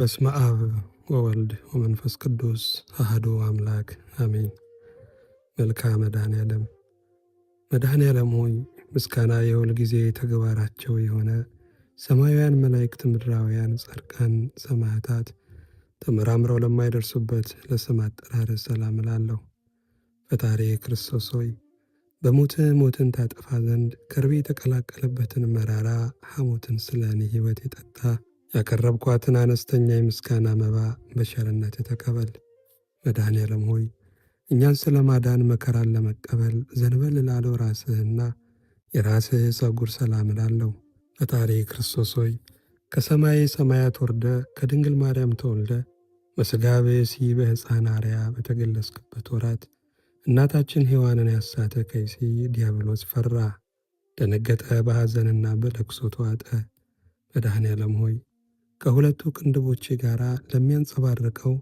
በስመ አብ ወወልድ ወመንፈስ ቅዱስ አህዶ አምላክ አሜን። መልክአ መድኃኔ ዓለም መድኃኔ ዓለም ሆይ ምስጋና የሁል ጊዜ ተግባራቸው የሆነ ሰማያውያን መላእክት፣ ምድራውያን ጻድቃን፣ ሰማዕታት ተመራምረው ለማይደርሱበት ለስም አጠራር ሰላም እላለሁ። ፈጣሪ ክርስቶስ ሆይ በሞት ሞትን ታጠፋ ዘንድ ከርቤ የተቀላቀለበትን መራራ ሐሞትን ስለ እኔ ሕይወት የጠጣ ያቀረብኳትን አነስተኛ የምስጋና መባ በቸርነት ተቀበል። መድኃኔ ሆይ እኛን ስለ ማዳን መከራን ለመቀበል ዘንበል ላለው ራስህና የራስህ ጸጉር ሰላም ላለው ፈጣሪ ክርስቶስ ሆይ ከሰማይ ሰማያት ወርደ ከድንግል ማርያም ተወልደ በሥጋ ብእሲ በሕፃን አርያ በተገለጽክበት ወራት እናታችን ሔዋንን ያሳተ ከይሲ ዲያብሎስ ፈራ፣ ደነገጠ፣ በሐዘንና በለቅሶ ተዋጠ። መድኃኔ ዓለም ሆይ ከሁለቱ ቅንድቦቼ ጋር ለሚያንጸባርቀው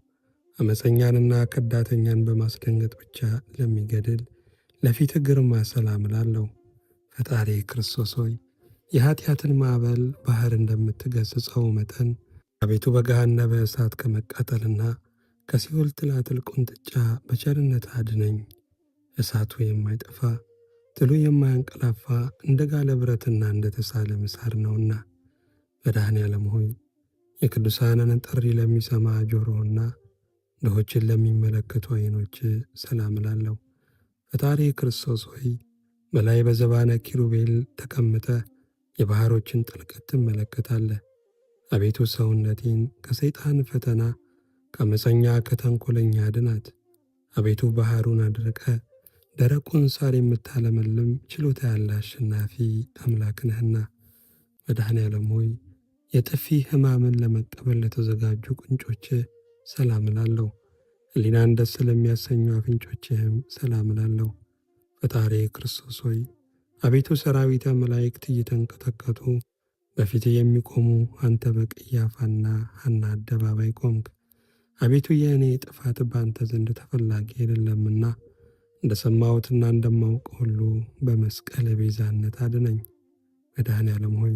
አመፀኛንና ከዳተኛን በማስደንገጥ ብቻ ለሚገድል ለፊት ግርማ ሰላም እላለሁ። ፈጣሪ ክርስቶስ ሆይ የኀጢአትን ማዕበል ባህር እንደምትገሥጸው መጠን አቤቱ በገሃነመ እሳት ከመቃጠልና ከሲኦል ትላትል ቁንጥጫ በቸርነት አድነኝ። እሳቱ የማይጠፋ ትሉ የማያንቀላፋ እንደ ጋለ ብረትና እንደ ተሳለ ምሳር ነውና መድኃኔ ዓለም ሆይ የቅዱሳንን ጥሪ ለሚሰማ ጆሮና ድሆችን ለሚመለከቱ ዓይኖች ሰላም እላለሁ። ፈጣሪ ክርስቶስ ሆይ በላይ በዘባነ ኪሩቤል ተቀምጠ የባሕሮችን ጥልቀት ትመለከታለህ። አቤቱ ሰውነቴን ከሰይጣን ፈተና ከመፀኛ ከተንኮለኛ አድናት። አቤቱ ባሕሩን አድርቀ ደረቁን ሳር የምታለመልም ችሎታ ያለ አሸናፊ አምላክ ነህና መድኃኔ ዓለም ሆይ የጥፊ ህማምን ለመቀበል ለተዘጋጁ ቁንጮች ሰላም እላለሁ። ሊናን ደስ ለሚያሰኙ አፍንጮችህም ሰላም እላለሁ። ፈጣሪ ክርስቶስ ሆይ አቤቱ ሰራዊተ መላእክት እየተንቀጠቀጡ በፊት የሚቆሙ አንተ በቀያፋና ሐና አደባባይ ቆምክ። አቤቱ የእኔ ጥፋት በአንተ ዘንድ ተፈላጊ አይደለምና እንደ ሰማሁትና እንደማውቅ ሁሉ በመስቀል ቤዛነት አድነኝ። መድኃኔ ዓለም ሆይ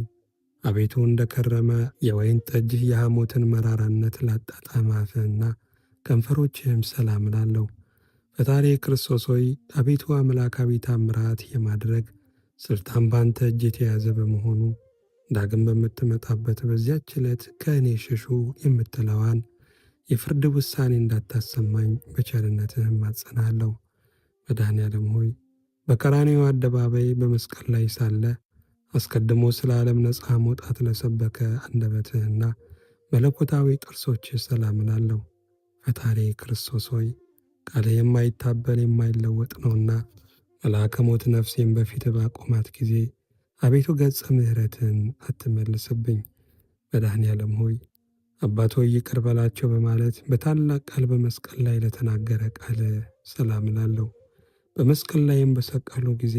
አቤቱ እንደ ከረመ የወይን ጠጅ የሐሞትን መራራነት ላጣጣም ከንፈሮችህም ሰላም ላለው ፈጣሪ ክርስቶስ ሆይ አቤቱ አምላካዊ ታምራት የማድረግ ስልጣን ባንተ እጅ የተያዘ በመሆኑ ዳግም በምትመጣበት በዚያች ዕለት ከእኔ ሽሹ የምትለዋን የፍርድ ውሳኔ እንዳታሰማኝ በቸርነትህም ማጸናለሁ። መድኃኔ ዓለም ሆይ በቀራንዮ አደባባይ በመስቀል ላይ ሳለ አስቀድሞ ስለ ዓለም ነፃ መውጣት ለሰበከ አንደበትህና መለኮታዊ ጥርሶች ሰላም አለው። ፈጣሪ ክርስቶስ ሆይ ቃልህ የማይታበል የማይለወጥ ነውና መልአከ ሞት ነፍሴን በፊት ባቆማት ጊዜ አቤቱ ገጸ ምሕረትን አትመልስብኝ። መድኃኔ ዓለም ሆይ አባቶ ሆይ ይቅር በላቸው በማለት በታላቅ ቃል በመስቀል ላይ ለተናገረ ቃል ሰላም እላለሁ። በመስቀል ላይም በሰቀሉ ጊዜ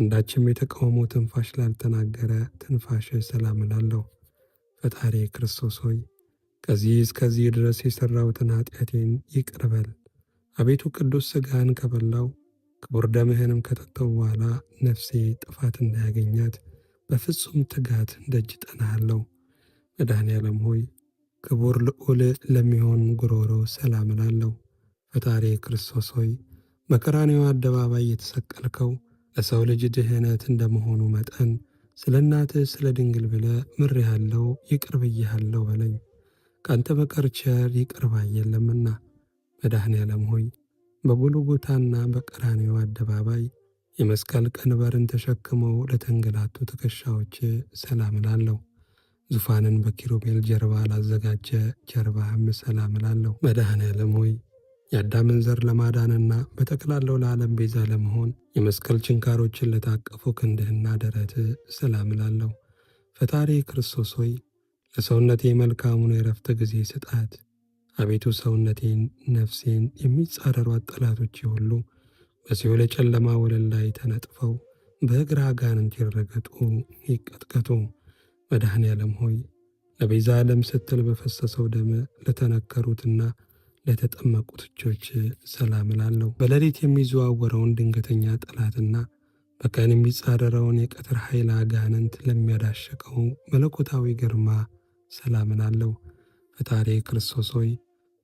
አንዳችም የተቃውሞ ትንፋሽ ላልተናገረ ትንፋሽ ሰላም እላለሁ። ፈጣሪ ክርስቶስ ሆይ ከዚህ እስከዚህ ድረስ የሠራሁትን ኃጢአቴን ይቅርበል። አቤቱ ቅዱስ ሥጋህን ከበላው ክቡር ደምህንም ከጠጠው በኋላ ነፍሴ ጥፋት እንዳያገኛት በፍጹም ትጋት ደጅ ጠናሃለሁ። መድኃኔ ዓለም ሆይ ክቡር ልዑል ለሚሆን ጉሮሮ ሰላም እላለሁ። ፈጣሪ ክርስቶስ ሆይ በቀራንዮ አደባባይ የተሰቀልከው ለሰው ልጅ ድህነት እንደመሆኑ መጠን ስለ እናትህ ስለ ድንግል ብለ ምሬሃለው፣ ይቅር ብዬሃለው በለኝ። ከአንተ በቀር ቸር ይቅር ባይ የለምና መድኃኔ ዓለም ሆይ በጎልጎታና በቀራኔው አደባባይ የመስቀል ቀንበርን ተሸክመው ለተንገላቱ ትከሻዎች ሰላም እላለሁ። ዙፋንን በኪሩቤል ጀርባ ላዘጋጀ ጀርባህም ሰላም እላለሁ። መድኃኔ ዓለም ሆይ የአዳምን ዘር ለማዳንና በጠቅላላው ለዓለም ቤዛ ለመሆን የመስቀል ችንካሮችን ለታቀፉ ክንድህና ደረት ሰላም እላለሁ። ፈጣሪ ክርስቶስ ሆይ ለሰውነቴ መልካሙን የረፍት ጊዜ ስጣት። አቤቱ ሰውነቴን፣ ነፍሴን የሚጻረሯት ጠላቶች ሁሉ በሲኦል ጨለማ ወለል ላይ ተነጥፈው በእግር አጋንንት ይረገጡ ይቀጥቀጡ። መድኃኔ ዓለም ሆይ ለቤዛ ዓለም ስትል በፈሰሰው ደም ለተነከሩትና ለተጠመቁ ትቾች ሰላም እላለሁ። በሌሊት የሚዘዋወረውን ድንገተኛ ጠላትና በቀን የሚጻረረውን የቀትር ኃይል አጋንንት ለሚያዳሸቀው መለኮታዊ ግርማ ሰላም እላለሁ። ፈጣሪ ክርስቶስ ሆይ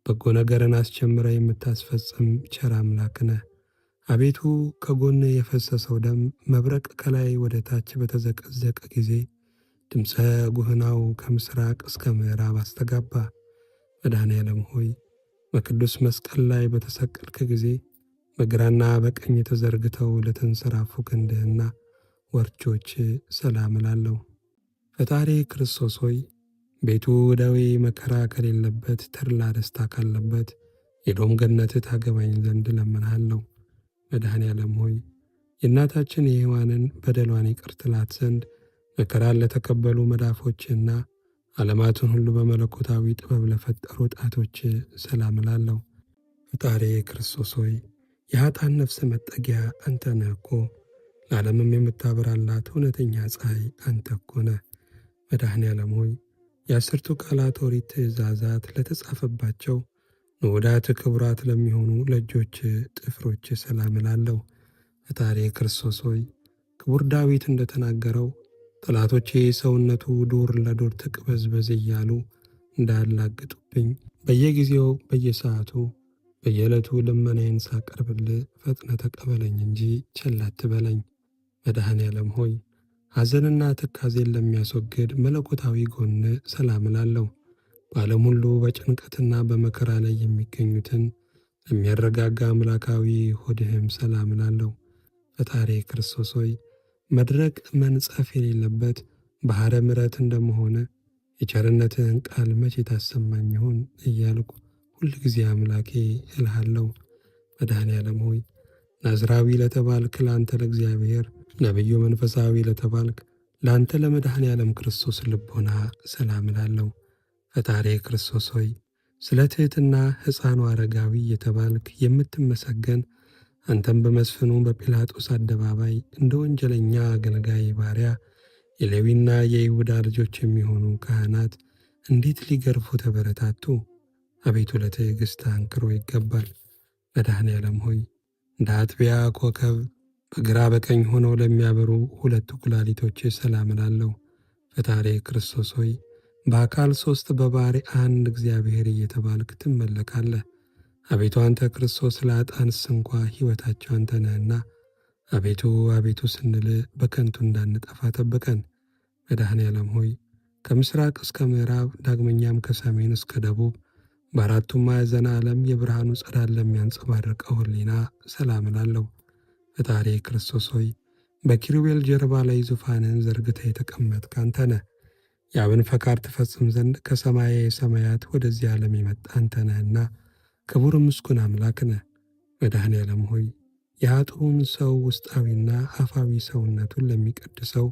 በጎ ነገርን አስጀምረ የምታስፈጽም ቸር አምላክ ነህ። አቤቱ ከጎን የፈሰሰው ደም መብረቅ ከላይ ወደ ታች በተዘቀዘቀ ጊዜ ድምፀ ጉህናው ከምስራቅ እስከ ምዕራብ አስተጋባ። መድኃኔ ዓለም ሆይ በቅዱስ መስቀል ላይ በተሰቀልክ ጊዜ በግራና በቀኝ ተዘርግተው ለተንሰራፉ ክንድህና ወርቾች ሰላም እላለሁ። ፈጣሪ ክርስቶስ ሆይ ቤቱ ደዌ መከራ ከሌለበት ተድላ ደስታ ካለበት የዶም ገነት ታገባኝ ዘንድ ለምንሃለሁ። መድኃኔ ዓለም ሆይ የእናታችን የሔዋንን በደሏን ይቅርትላት ዘንድ መከራን ለተቀበሉ መዳፎችና ዓለማትን ሁሉ በመለኮታዊ ጥበብ ለፈጠሩ ጣቶች ሰላም እላለሁ። ፈጣሪ ክርስቶስ ሆይ የኃጣን ነፍስ መጠጊያ አንተ ነህ እኮ ለዓለምም የምታበራላት እውነተኛ ፀሐይ አንተ እኮ ነህ። መድኃኔ ዓለም ሆይ የአስርቱ ቃላት ኦሪት ትእዛዛት ለተጻፈባቸው ንዑዳት ክቡራት ለሚሆኑ ለእጆች ጥፍሮች ሰላም እላለሁ። ፈጣሪ ክርስቶስ ሆይ ክቡር ዳዊት እንደተናገረው ጠላቶቼ ሰውነቱ ዶር ለዶር ተቅበዝበዝ እያሉ እንዳያላግጡብኝ በየጊዜው በየሰዓቱ በየዕለቱ ልመናዬን ሳቀርብል ፈጥነ ተቀበለኝ እንጂ ቸል አትበለኝ። መድኃኔ ዓለም ሆይ ሐዘንና ትካዜን ለሚያስወግድ መለኮታዊ ጎን ሰላም እላለሁ። በዓለም ሁሉ በጭንቀትና በመከራ ላይ የሚገኙትን ለሚያረጋጋ አምላካዊ ሆድህም ሰላም እላለሁ። ፈጣሪ ክርስቶስ ሆይ መድረቅ መንጸፍ የሌለበት ባሕረ ምሕረት እንደመሆነ የቸርነትህን ቃል መቼ ታሰማኝ ይሆን እያልኩ ሁል ጊዜ አምላኬ እልሃለሁ። መድኃኔ ዓለም ሆይ ናዝራዊ ለተባልክ ለአንተ ለእግዚአብሔር ነቢዩ መንፈሳዊ ለተባልክ ለአንተ ለመድኃኔ ዓለም ክርስቶስ ልቦና ሰላም እላለሁ። ፈጣሪ ክርስቶስ ሆይ ስለ ትሕትና ሕፃኑ አረጋዊ የተባልክ የምትመሰገን አንተም በመስፍኑ በጲላጦስ አደባባይ እንደ ወንጀለኛ አገልጋይ ባሪያ የሌዊና የይሁዳ ልጆች የሚሆኑ ካህናት እንዴት ሊገርፉ ተበረታቱ? አቤቱ ለትዕግሥት አንክሮ ይገባል። መድኃኔ ዓለም ሆይ እንደ አጥቢያ ኮከብ በግራ በቀኝ ሆነው ለሚያበሩ ሁለቱ ኩላሊቶች ሰላም እላለሁ። ፈጣሪ ክርስቶስ ሆይ በአካል ሦስት በባሕርይ አንድ እግዚአብሔር እየተባልክ ትመለካለህ። አቤቱ አንተ ክርስቶስ ለአጣንስ እንኳ ሕይወታቸው አንተ ነህና፣ አቤቱ አቤቱ ስንል በከንቱ እንዳንጠፋ ጠብቀን። መድኃኔ ዓለም ሆይ ከምስራቅ እስከ ምዕራብ ዳግመኛም ከሰሜን እስከ ደቡብ በአራቱም ማዕዘነ ዓለም የብርሃኑ ጸዳል ለሚያንጸባርቀው ሕሊና ሰላም እላለሁ። ፈጣሪ ክርስቶስ ሆይ በኪሩቤል ጀርባ ላይ ዙፋንህን ዘርግተ የተቀመጥክ አንተ ነህ። የአብን ፈቃድ ትፈጽም ዘንድ ከሰማየ ሰማያት ወደዚህ ዓለም የመጣ አንተ ነህና ክቡር ምስጉን አምላክ ነህ። መድኃኔ ዓለም ሆይ የአጥሩን ሰው ውስጣዊና አፋዊ ሰውነቱን ለሚቀድሰው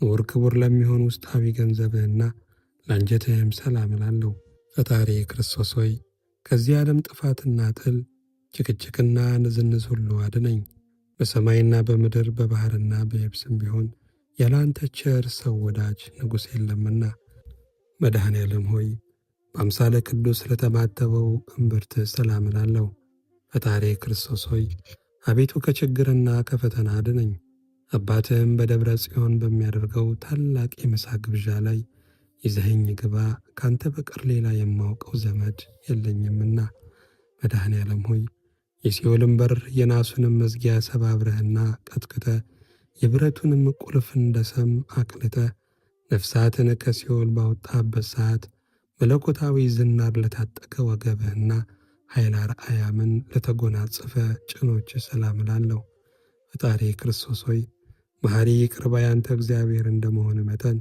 ንዑር ክቡር ለሚሆን ውስጣዊ ገንዘብህና ለአንጀትህም ሰላም እላለሁ። ፈጣሪ ክርስቶስ ሆይ ከዚህ ዓለም ጥፋትና ጥል ጭቅጭቅና ንዝንዝ ሁሉ አድነኝ። በሰማይና በምድር በባህርና በየብስም ቢሆን ያለ አንተ ቸር ሰው ወዳጅ ንጉሥ የለምና። መድኃኔ ዓለም ሆይ በአምሳለ ቅዱስ ለተማተበው እምብርት ሰላም እላለሁ። ፈጣሪ ክርስቶስ ሆይ አቤቱ ከችግርና ከፈተና አድነኝ። አባትህም በደብረ ጽዮን በሚያደርገው ታላቅ የምሳ ግብዣ ላይ ይዘኸኝ ግባ፣ ካንተ በቀር ሌላ የማውቀው ዘመድ የለኝምና። መድኃኔ ዓለም ሆይ የሲኦልን በር የናሱንም መዝጊያ ሰባብረህና ቀጥቅተ የብረቱንም ቁልፍ እንደ ሰም አቅልተ ነፍሳትን ከሲኦል ባወጣበት ሰዓት መለኮታዊ ዝናር ለታጠቀ ወገብህና ኃይል አርአያምን ለተጎናጸፈ ጭኖች ሰላም እላለሁ። ፈጣሪ ክርስቶስ ሆይ መሐሪ ቅርባይ አንተ እግዚአብሔር እንደመሆን መጠን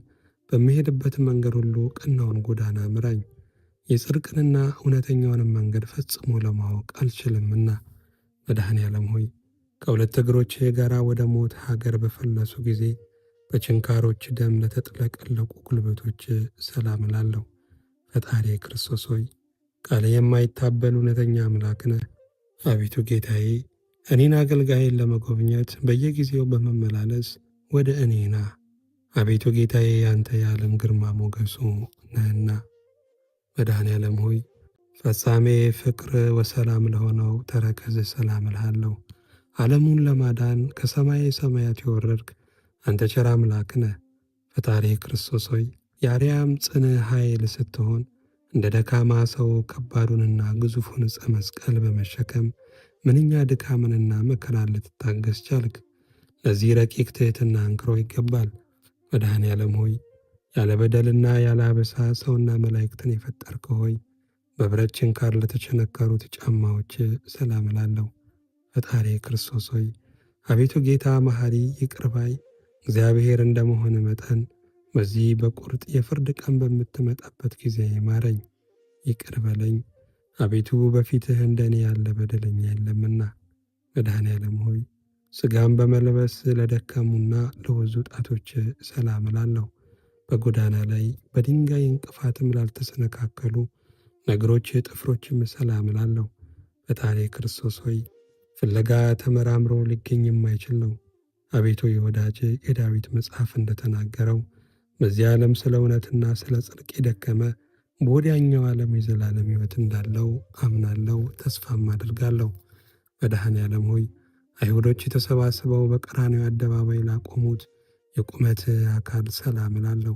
በምሄድበት መንገድ ሁሉ ቀናውን ጎዳና ምራኝ። የጽድቅንና እውነተኛውንም መንገድ ፈጽሞ ለማወቅ አልችልምና፣ መድኃኔ ዓለም ሆይ ከሁለት እግሮቼ ጋር ወደ ሞት ሀገር በፈለሱ ጊዜ በችንካሮች ደም ለተጥለቀለቁ ጉልበቶች ሰላም እላለሁ። ፈጣሪ ክርስቶስ ሆይ ቃለ የማይታበል እውነተኛ አምላክ ነህ። አቤቱ ጌታዬ እኔን አገልጋይን ለመጎብኘት በየጊዜው በመመላለስ ወደ እኔ ና። አቤቱ ጌታዬ ያንተ የዓለም ግርማ ሞገሱ ነህና። መድኃኔ ዓለም ሆይ ፈጻሜ ፍቅር ወሰላም ለሆነው ተረከዝ ሰላም እልሃለሁ። ዓለሙን ለማዳን ከሰማይ ሰማያት የወረድክ አንተ ቸር አምላክ ነህ። ፈጣሪ ክርስቶስ ሆይ የአርያም ጽን ኃይል ስትሆን እንደ ደካማ ሰው ከባዱንና ግዙፉን ዕፀ መስቀል በመሸከም ምንኛ ድካምንና መከራን ልትታገስ ቻልክ። ለዚህ ረቂቅ ትሕትና አንክሮ ይገባል። መድኃኔ ዓለም ሆይ ያለ በደልና ያለ አበሳ ሰውና መላእክትን የፈጠርክ ሆይ በብረት ችንካር ለተቸነከሩት ጫማዎች ሰላም እላለሁ። ፈጣሪ ክርስቶስ ሆይ አቤቱ ጌታ መሐሪ ይቅርባይ እግዚአብሔር እንደመሆን መጠን በዚህ በቁርጥ የፍርድ ቀን በምትመጣበት ጊዜ ማረኝ፣ ይቅር በለኝ አቤቱ፣ በፊትህ እንደኔ ያለ በደለኛ የለምና። መድኃኔ ዓለም ሆይ ሥጋን በመለበስ ለደከሙና ለወዙ ጣቶች ሰላም እላለሁ። በጎዳና ላይ በድንጋይ እንቅፋትም ላልተሰነካከሉ ነገሮች ጥፍሮችም ሰላም እላለሁ። ፈጣሪ ክርስቶስ ሆይ ፍለጋ ተመራምሮ ሊገኝ የማይችል ነው። አቤቱ የወዳጅ የዳዊት መጽሐፍ እንደተናገረው በዚህ ዓለም ስለ እውነትና ስለ ጽድቅ የደከመ በወዲያኛው ዓለም የዘላለም ሕይወት እንዳለው አምናለው ተስፋም አድርጋለሁ። መድኃኔ ዓለም ሆይ አይሁዶች የተሰባስበው በቀራንዮ አደባባይ ላቆሙት የቁመት አካል ሰላም እላለሁ።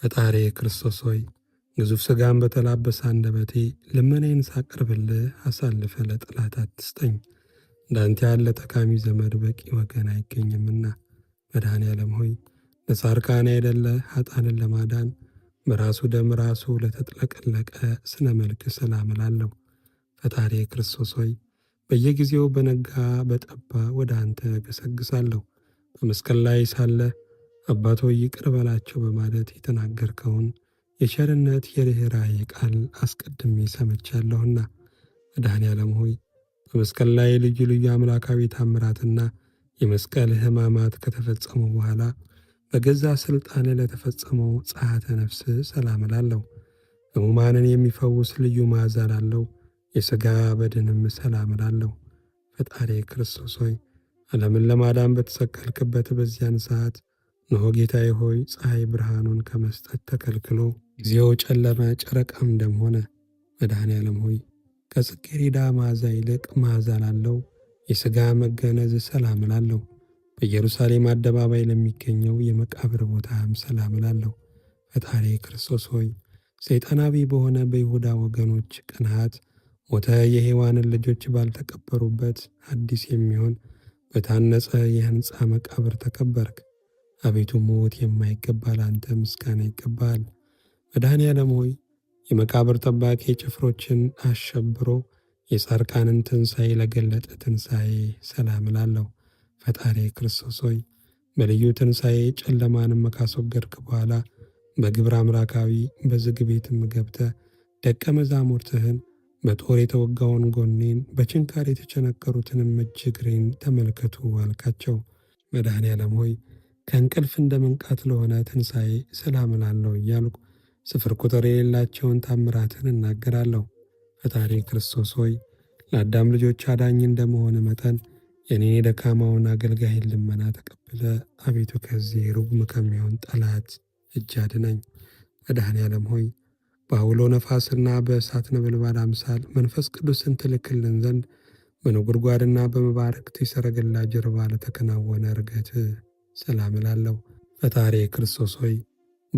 ፈጣሪ ክርስቶስ ሆይ ግዙፍ ሥጋን በተላበሰ አንደበቴ ልመናዬን ሳቀርብልህ አሳልፈ ለጠላት አትስጠኝ። እንዳንተ ያለ ጠቃሚ ዘመድ በቂ ወገን አይገኝምና መድኃኔ ዓለም ሆይ ለጻድቃን አይደለ ኃጣንን ለማዳን በራሱ ደም ራሱ ለተጥለቀለቀ ስነ መልክ ሰላም እላለሁ። ፈጣሪ ክርስቶስ ሆይ በየጊዜው በነጋ በጠባ ወደ አንተ ገሰግሳለሁ። በመስቀል ላይ ሳለ አባቶ ይቅር በላቸው በማለት የተናገርከውን የቸርነት የርኅራኄ ቃል አስቀድሜ ሰምቻለሁና መድኃኔ ዓለም ሆይ በመስቀል ላይ ልዩ ልዩ አምላካዊ ታምራትና የመስቀል ሕማማት ከተፈጸሙ በኋላ በገዛ ሥልጣን ለተፈጸመው ጸሐተ ነፍስ ሰላም እላለሁ። ሕሙማንን የሚፈውስ ልዩ መዓዛ ላለው የሥጋ በድንም ሰላም እላለሁ። ፈጣሪ ክርስቶስ ሆይ ዓለምን ለማዳን በተሰቀልክበት በዚያን ሰዓት እነሆ ጌታዬ ሆይ ፀሐይ ብርሃኑን ከመስጠት ተከልክሎ ጊዜው ጨለመ፣ ጨረቃም ደም ሆነ። መድኃኔ ዓለም ሆይ ከጽጌረዳ መዓዛ ይልቅ መዓዛ ላለው የሥጋ መገነዝ ሰላም እላለሁ። በኢየሩሳሌም አደባባይ ለሚገኘው የመቃብር ቦታም ሰላም እላለሁ። ፈጣሪ ክርስቶስ ሆይ ሰይጣናዊ በሆነ በይሁዳ ወገኖች ቅንዓት ሞተ የሔዋንን ልጆች ባልተቀበሩበት አዲስ የሚሆን በታነጸ የሕንፃ መቃብር ተቀበርክ። አቤቱ ሞት የማይገባ ለአንተ ምስጋና ይገባል። መድኃኔ ዓለም ሆይ የመቃብር ጠባቂ ጭፍሮችን አሸብሮ የጻድቃንን ትንሣኤ ለገለጠ ትንሣኤ ሰላም እላለሁ። ፈጣሪ ክርስቶስ ሆይ በልዩ ትንሣኤ ጨለማንም ካስወገድክ በኋላ በግብረ አምላካዊ በዝግ ቤትም ገብተ ደቀ መዛሙርትህን በጦር የተወጋውን ጎኔን በችንካር የተቸነከሩትንም እጅ እግሬን ተመልከቱ አልካቸው። መድኃኔ ዓለም ሆይ ከእንቅልፍ እንደ መንቃት ለሆነ ትንሣኤ ሰላም እላለሁ እያልኩ ስፍር ቁጥር የሌላቸውን ታምራትን እናገራለሁ። ፈጣሪ ክርስቶስ ሆይ ለአዳም ልጆች አዳኝ እንደመሆን መጠን የኔ ደካማውን አገልጋይ ልመና ተቀብለ አቤቱ ከዚህ ርጉም ከሚሆን ጠላት እጅ አድነኝ። መድኃኔ ዓለም ሆይ በአውሎ ነፋስና በእሳት ነበልባል አምሳል መንፈስ ቅዱስን ትልክልን ዘንድ በነጎድጓድና በመባረክት የሰረገላ ጀርባ ለተከናወነ እርገት ሰላም እላለሁ። ፈጣሪ ክርስቶስ ሆይ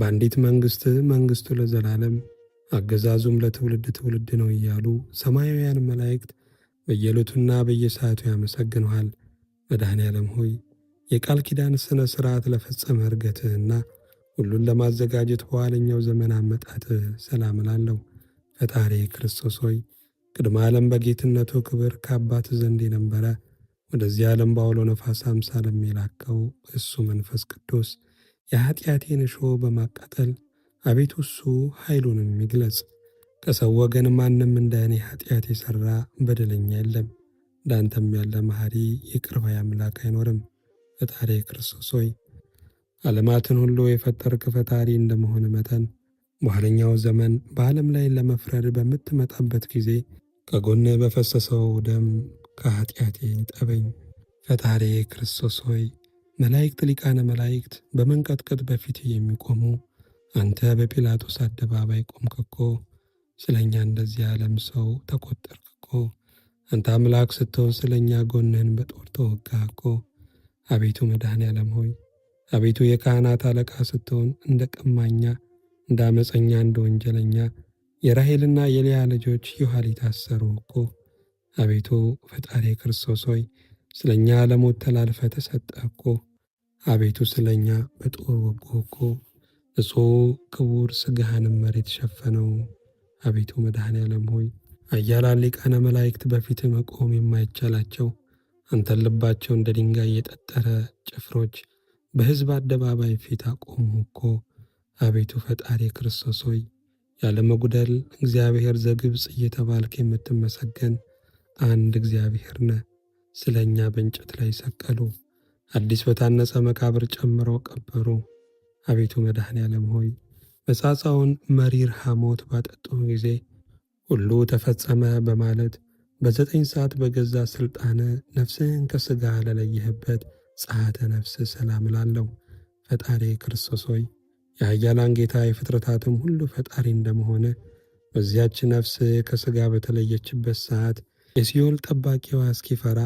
በአንዲት መንግሥት መንግሥቱ ለዘላለም አገዛዙም ለትውልድ ትውልድ ነው እያሉ ሰማያውያን መላእክት በየዕለቱና በየሰዓቱ ያመሰግንሃል። መድኃኔ ዓለም ሆይ የቃል ኪዳን ሥነ ሥርዓት ለፈጸመ እርገትህና ሁሉን ለማዘጋጀት በኋለኛው ዘመን አመጣትህ ሰላም እላለሁ። ፈጣሪ ክርስቶስ ሆይ ቅድመ ዓለም በጌትነቱ ክብር ከአባት ዘንድ የነበረ ወደዚህ ዓለም በአውሎ ነፋስ አምሳል የሚላከው እሱ መንፈስ ቅዱስ የኀጢአቴን እሾ በማቃጠል አቤቱ እሱ ኃይሉንም ይግለጽ። ከሰው ወገን ማንም እንደ እኔ ኃጢአት የሠራ በደለኛ የለም፣ እንዳንተም ያለ መሐሪ ይቅር ባይ አምላክ አይኖርም። ፈጣሪ ክርስቶስ ሆይ ዓለማትን ሁሉ የፈጠርክ ፈጣሪ እንደመሆን መጠን በኋለኛው ዘመን በዓለም ላይ ለመፍረድ በምትመጣበት ጊዜ ከጎን በፈሰሰው ደም ከኃጢአቴ ጠበኝ። ፈጣሪ ክርስቶስ ሆይ መላእክት፣ ሊቃነ መላእክት በመንቀጥቀጥ በፊት የሚቆሙ አንተ በጲላጦስ አደባባይ ቆምክ እኮ ስለ እኛ እንደዚህ ዓለም ሰው ተቆጠርክ እኮ። አንተ አምላክ ስትሆን ስለ እኛ ጎንህን በጦር ተወጋ እኮ። አቤቱ መድኃኔ ዓለም ሆይ አቤቱ የካህናት አለቃ ስትሆን እንደ ቀማኛ፣ እንደ አመፀኛ፣ እንደ ወንጀለኛ የራሄልና የልያ ልጆች የኋሊት ታሰሩ እኮ። አቤቱ ፈጣሪ ክርስቶስ ሆይ ስለ እኛ ለሞት ተላልፈ ተሰጠ እኮ። አቤቱ ስለ እኛ በጦር ወጎ እኮ ንጹሕ ክቡር ስጋህንም መሬት ሸፈነው። አቤቱ መድኃኔ ዓለም ሆይ አያላን ሊቃነ መላእክት በፊት መቆም የማይቻላቸው አንተን ልባቸው እንደ ድንጋይ የጠጠረ ጭፍሮች በሕዝብ አደባባይ ፊት አቆሙ እኮ። አቤቱ ፈጣሪ ክርስቶስ ሆይ ያለመጉደል እግዚአብሔር ዘግብፅ እየተባልክ የምትመሰገን አንድ እግዚአብሔር ነ ስለ እኛ በእንጨት ላይ ሰቀሉ፣ አዲስ በታነጸ መቃብር ጨምረው ቀበሩ። አቤቱ መድኃኔ ዓለም ሆይ በጻጻውን መሪር ሐሞት ባጠጡ ጊዜ ሁሉ ተፈጸመ በማለት በዘጠኝ ሰዓት በገዛ ሥልጣን ነፍስህን ከሥጋ ለለየህበት ጸአተ ነፍስ ሰላም እላለሁ። ፈጣሪ ክርስቶስ ሆይ የኃያላን ጌታ የፍጥረታትም ሁሉ ፈጣሪ እንደመሆነ በዚያች ነፍስ ከሥጋ በተለየችበት ሰዓት የሲኦል ጠባቂዋ እስኪፈራ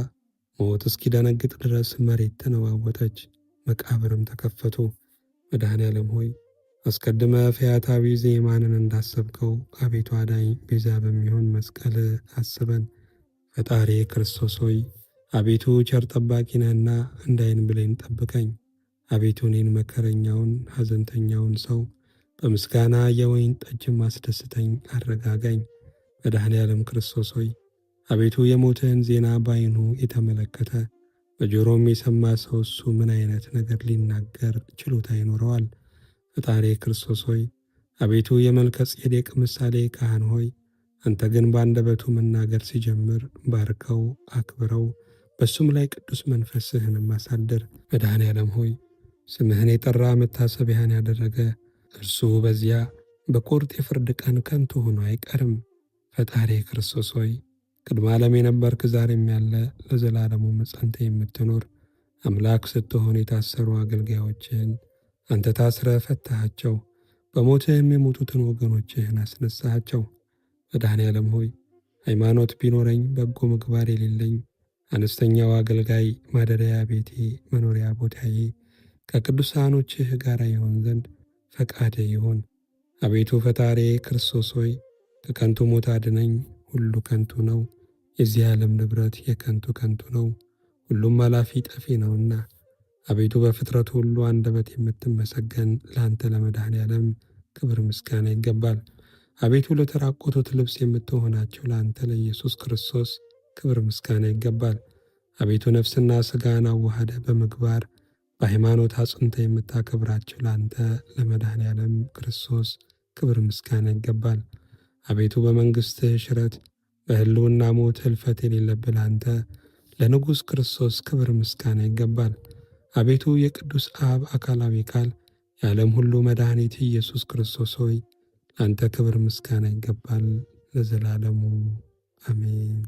ሞት እስኪደነግጥ ድረስ መሬት ተነዋወጠች፣ መቃብርም ተከፈቱ። መድኃኔ ዓለም ሆይ አስቀድመ ፈያታዊ ዜማንን እንዳሰብከው አቤቱ አዳኝ ቤዛ በሚሆን መስቀል አስበን። ፈጣሪ ክርስቶስ ሆይ አቤቱ ቸር ጠባቂ ነህና እንደ ዓይን ጠብቀኝ። አቤቱ እኔን መከረኛውን ሐዘንተኛውን ሰው በምስጋና የወይን ጠጅ ማስደስተኝ አረጋጋኝ። መድኃኔ ዓለም ክርስቶስ ሆይ አቤቱ የሞትህን ዜና ባይኑ የተመለከተ በጆሮም የሰማ ሰው እሱ ምን አይነት ነገር ሊናገር ችሎታ ይኖረዋል? ፈጣሪ ክርስቶስ ሆይ አቤቱ የመልከ ጼዴቅ ምሳሌ ካህን ሆይ አንተ ግን በአንደበቱ መናገር ሲጀምር ባርከው አክብረው፣ በሱም ላይ ቅዱስ መንፈስህን ማሳደር። መድኃኔ ዓለም ሆይ ስምህን የጠራ መታሰቢያን ያደረገ እርሱ በዚያ በቁርጥ የፍርድ ቀን ከንቱ ሆኖ አይቀርም። ፈጣሪ ክርስቶስ ሆይ ቅድመ ዓለም የነበርክ ዛሬም ያለ ለዘላለሙ መጻንተ የምትኖር አምላክ ስትሆን የታሰሩ አገልጋዮችን አንተ ታስረ ፈታሃቸው፣ በሞትህም የሞቱትን ወገኖችህን አስነሳሃቸው። መድኃኔ ዓለም ሆይ ሃይማኖት ቢኖረኝ በጎ ምግባር የሌለኝ አነስተኛው አገልጋይ ማደሪያ ቤቴ መኖሪያ ቦታዬ ከቅዱሳኖችህ ጋር ይሆን ዘንድ ፈቃደ ይሆን አቤቱ ፈጣሬ ክርስቶስ ሆይ ከከንቱ ሞት አድነኝ። ሁሉ ከንቱ ነው፣ የዚህ ዓለም ንብረት የከንቱ ከንቱ ነው፣ ሁሉም አላፊ ጠፊ ነውና አቤቱ በፍጥረት ሁሉ አንደበት የምትመሰገን ለአንተ ለመድኃኔ ዓለም ክብር ምስጋና ይገባል። አቤቱ ለተራቆቱት ልብስ የምትሆናቸው ለአንተ ለኢየሱስ ክርስቶስ ክብር ምስጋና ይገባል። አቤቱ ነፍስና ሥጋን አዋሃደ በምግባር በሃይማኖት አጽንተ የምታከብራቸው ለአንተ ለመድኃኔ ዓለም ክርስቶስ ክብር ምስጋና ይገባል። አቤቱ በመንግሥትህ ሽረት በሕልውና ሞት ህልፈት የሌለብህ ለአንተ ለንጉሥ ክርስቶስ ክብር ምስጋና ይገባል። አቤቱ የቅዱስ አብ አካላዊ ቃል የዓለም ሁሉ መድኃኒት ኢየሱስ ክርስቶስ ሆይ አንተ ክብር ምስጋና ይገባል ለዘላለሙ አሜን።